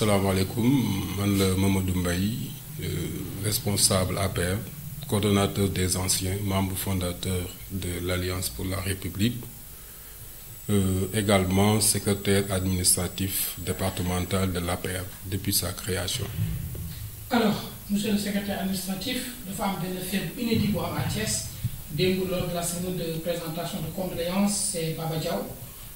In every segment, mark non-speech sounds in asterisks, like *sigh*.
alaikum, man le Mamadou Mbaye euh, responsable APR coordonnateur des anciens membre fondateur de l'Alliance pour la République euh, également secrétaire administratif départemental de l'APR depuis sa création. alors monsieur le secrétaire administratif le femme de feebu inédit bu Amaties, à lors de la séance de présentation de condoléances c'est Baba Diaw.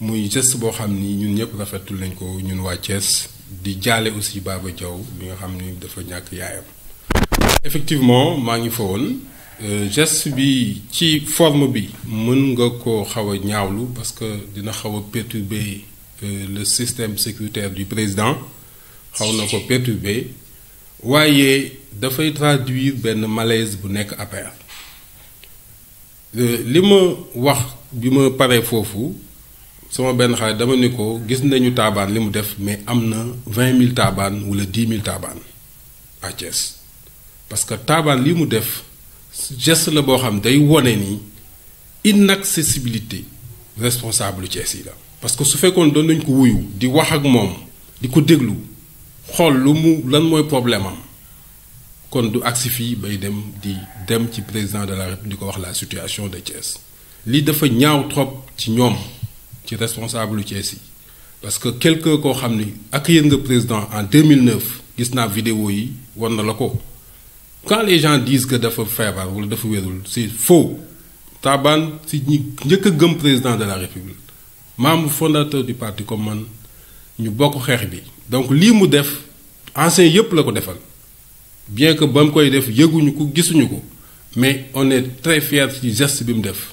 muy geste boo xam ni ñun ñëpp rafetul nañ ko ñun waa Thiès di jaale aussi Baba Diaw bi nga xam ni dafa ñàkk yaayam. effectivement maa ngi fa euh, geste bi ci forme bi mën nga ko xaw a ñaawlu parce que dina xaw a perturber euh, le système sécuritaire du président xaw na ko perturber waaye dafay traduire benn malaise bu nekk APR euh, li ma wax bi ma paree foofu sama benn xale dama ni ko gis nañu taabaan li mu def mais am na vingt mille taabaan wala dix mille taabaan à Thiès parce que taabaan li mu def geste la boo xam day wone ni inaccessibilité responsable Thiès yi la. parce que su fekkoon doon nañ ko wuyu di wax ak moom di ko déglu xool lu mu lan mooy problème am kon du agsi fii bay dem di dem ci président de la République di ko wax la situation de Thiès lii dafa ñaaw trop ci ñoom qui est responsable de ceci. parce que quelqu'un koo xam ni accueillir nga président en 2009 gis naa vidéo yi na la ko quand les gens disent que dafa feebar wala dafa c'est faux taban si ñi njëkk gëm président de la république membre fondateur du parti comme man ñu bokk xeex bi donc lii mu def ancien yépp la ko defal bien que ba mu koy def yëguñu ko gisuñu ko mais on est très fier du geste bi mu def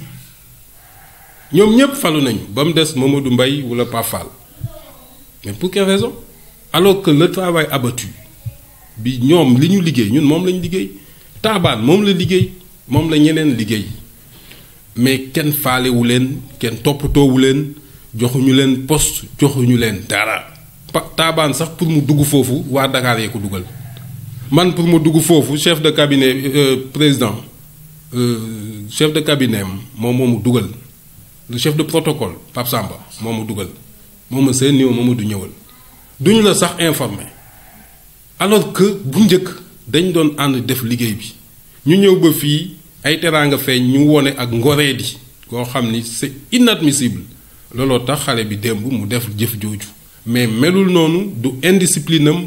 Nous ñëpp falu nañu ba mu des Mamadou Mbaye wala pas fal. mais pour quelle raison alors que le travail abattu bi ñoom li ñu liggéey ñun moom lañ liggéey la la mais kenn leen kenn leen joxuñu poste joxuñu leen dara taban sax pour mu dugg foofu waa Dakar yee ko dugal man pour mu chef de cabinet euh, président euh, chef de cabinet moom moo mu le chef de protocole Pape Samba moo ma dugal moo ma seen néew moo du ñëwal duñu la sax informé alors que bu njëkk dañ doon ànd def liggéey bi ñu ñëw ba fii ay teraanga feeñ ñu wone ak ngoree di koo xam ni c'est inadmissible looloo tax xale bi démb mu def jëf jooju mais melul noonu du indiscipline am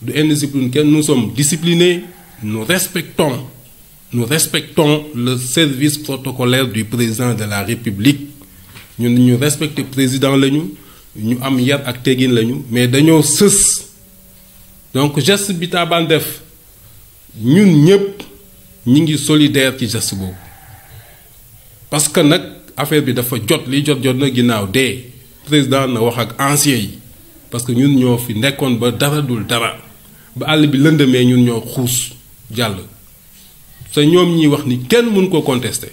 du indiscipline kenn nous sommes disciplinés nous respectons nous respectons le service protocolaire du président de la République nous respectons le président nous ñu am yar ak mais lañu mais dañoo sës donc geste bi ñun ñëpp ñi ngi solidaire ci geste parce que nag affaire bi dafa jot li jot jot na ginnaaw président na wax ak parce que ñun ñoo fi nekkoon ba dara dul dara ba àll bi lëndamee ñun ñoo xuus jàll te ñoom ñi wax ni kenn mun ko contester.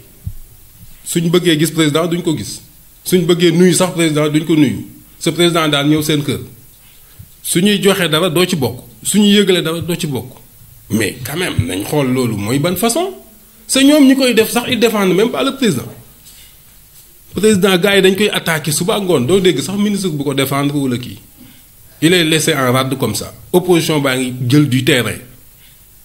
suñ bëggee gis président duñ ko gis suñ bëggee nuyu sax président duñ ko nuyu sa président daal ñëw seen kër suñuy joxe dara doo ci bokk suñuy yëgalee dara doo ci bokk mais quand même nañ xool loolu mooy ban façon c'est ñoom ñi koy def sax il défendent même pas le président président gars yi dañ koy attaquer suba ngoon doo dégg sax ministre bu ko défendre wala kii il est laissé en rade comme ça opposition baa ngi jël du terrain.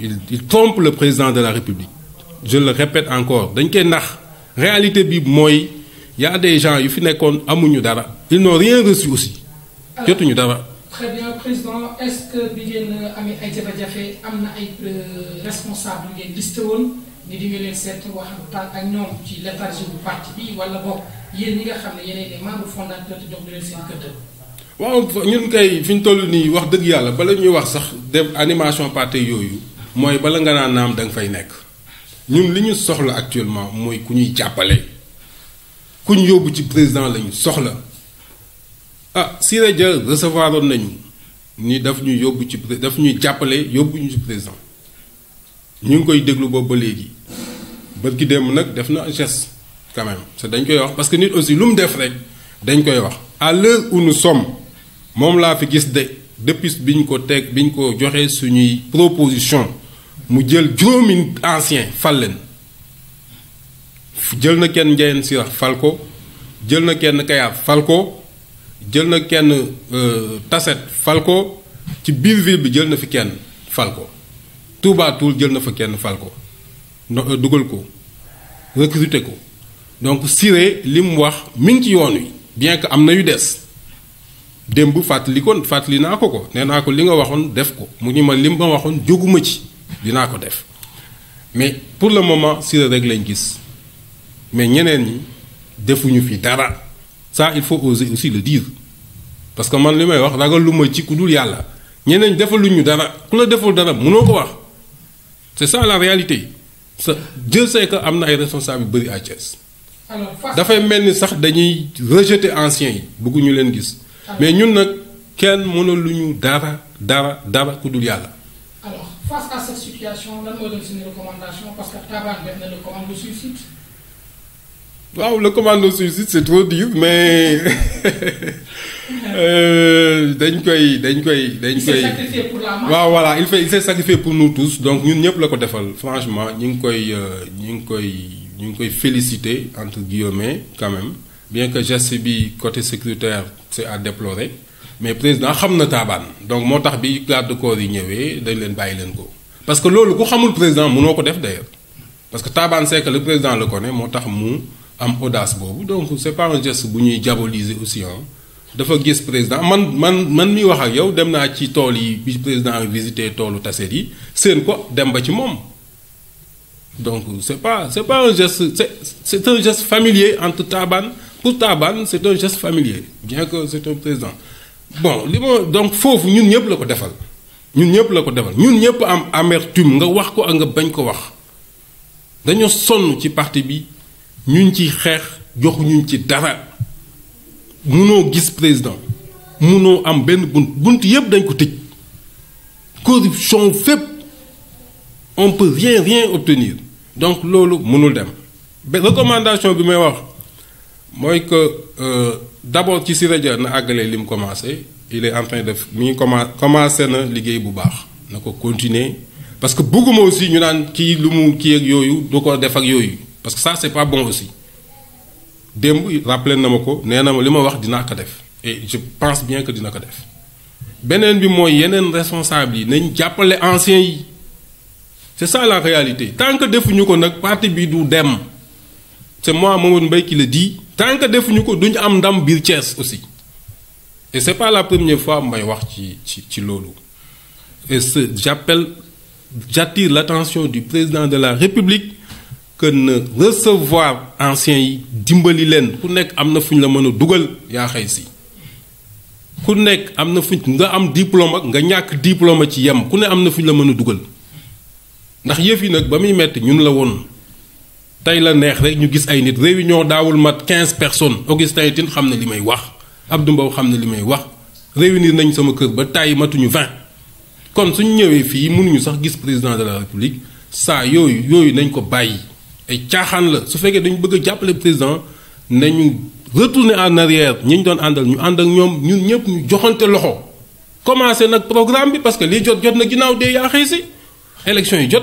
il il trompe le président de la République je le répète encore dañ koy nax réalité bi mooy y a des gens yu fi nekkoon amuñu dara ils n'ont rien reçu aussi jotuñu dara. très bien président est-ce que bi Ami amee ay jafe-jafe am ay euh, responsable de ngeen listé woon ni di nga leen seet waxtaan ak ñoom ci léthargie du parti bi wala boog yéen a nga xam ne yéenay des membres fondateurs te jox leen seen gëdd. waaw ñun kay fi ñu toll nii wax dëgg yàlla bala ñuy wax sax def animation parti yooyu mooy bala nga naan naam da nga fay nekk ñun li ñu soxla actuellement mooy ku ñuy jàppale ku ñu yóbbu ci président lañu soxla ah Siré Dia recevoir nañu ni daf ñu yóbbu ci daf ñuy jàppale yóbbu ñu ci président ñu ngi koy déglu boobu ba léegi bët ki démb nag def na un geste quand même te dañ koy wax parce que nit aussi lu mu def rek dañ koy wax. à l'heure où nous sommes moom laa fi gis de depuis biñ ko teg biñ ko joxee suñuy proposition mu jël juróomi ancien fal leen jël na kenn Ndiayène Sirax fal ko jël na kenn Kayaab fal ko jël na kenn euh, Taset fal ko ci biir ville bi jël na fi kenn fal ko Touba jël na fa kenn fal ko no euh, dugal ko recruter ko donc Siré li mu wax mi ngi ci yoon wi bien que am na yu des démb fàttali ko fàttali naa ko ko nee naa ko li nga waxoon def ko mu ni ma lim ma waxoon jóguma ci. dinaa ko def mais pour le moment si rek lañ gis mais ñeneen ñi defuñu fi dara ça il faut oser aussi le dire parce que man li may wax ragal lu ma ci ku dul yàlla ñeneen defaluñu dara ku la deful dara mënoo ko wax c'est ça la réalité sa Dieu sait que am na ay responsables yu bëri à Thiès dafay mel ni sax dañuy rejeter anciens yi bëgguñu leen gis mais ñun nag kenn mënaluñu dara dara dara ku dul yàlla. alors face à cette situation lan moo donne une recommandation parce que Tabar def na le commande au suicide. le commando suicide c'est trop dur mais *laughs* euh, il s'est sacrifié pour la main. voilà il fait il s'est sacrifié pour nous tous donc nous ñëpp la ko defal franchement nous euh, ngi koy féliciter entre guillemets quand même bien que geste côté sécuritaire c'est à déplorer mais président xam na taabaan donc moo tax bi de corps yi ñëwee dañ leen bàyyi leen ko parce que loolu ku xamul président mënoo ko def d'ailleurs parce que taabaan c'est que le président le connaît moo tax mu am audace boobu donc c'est pas un geste bu ñuy diaboliser aussi hein dafa gis président man man man mi wax ak yow dem naa ci tool bi président visité toolu taseer yi seen ko dem ba ci moom donc c'est pas c'est pas un geste c'est c'est un geste familier entre taabaan pour taabaan c'est un geste familier bien que c'est un président bon li ma donc foofu ñun ñëpp la ko defal ñun ñëpp la ko defal ñun ñëpp am amertume nga wax ko ak nga bañ ko wax dañu sonn ci parti bi ñun ci xeex ñun ci dara munoo gis président munoo am benn bunt bunt yëpp dañ ko tëj corruption fépp on peut rien rien obtenir donc loolu mënul dem recommandation bi may wax mooy que euh, d' abord ci Siré Dia na àggalee lim commencé il est en train de mi ngi commencé na liggéey bu baax na ko continuer parce que bëgguma aussi ñu naan kii lu mu kii ak yooyu du ko def ak yooyu parce que ça c'est pas bon aussi démb rappelé na ma ko nee na ma li ma wax dinaa ko def et je pense bien que dina ko def beneen bi mooy yeneen responsable yi nañ jàppale anciens yi c' est ça la réalité tant que defuñu ko nag parti bi du dem c' est moi Mamadou mbay qui le dit tant que defuñu ko duñ am ndam bir Thiès aussi et c'est pas la première fois may wax ci ci ci et ce j'appelle j'attire l'attention du président de la République que ne recevoir ancien yi dimbali len ku nek amna fuñ la mëna a dugal yaa xëy si ku nek amna fuñ nga am diplôme ak nga ñak diplôme ci yem ku ne amna na la mëna a dugal ndax yëf yi nag metti ñun la woon tey la neex rek ñu gis ay nit réunion mat quinze personnes Augustin xam na li wax Abdou mbaw xam na wax réunir nañ sama kër ba tay matuñu vingt kon suñ ñëwee fii mënuñu sax gis président de la république Ça, nañ ko ay la su dañu bëgg président nañu retourner en arrière ñiñ doon ñu ak ñun ñëpp loxo programme bi parce que lii jot jot na élection yi jot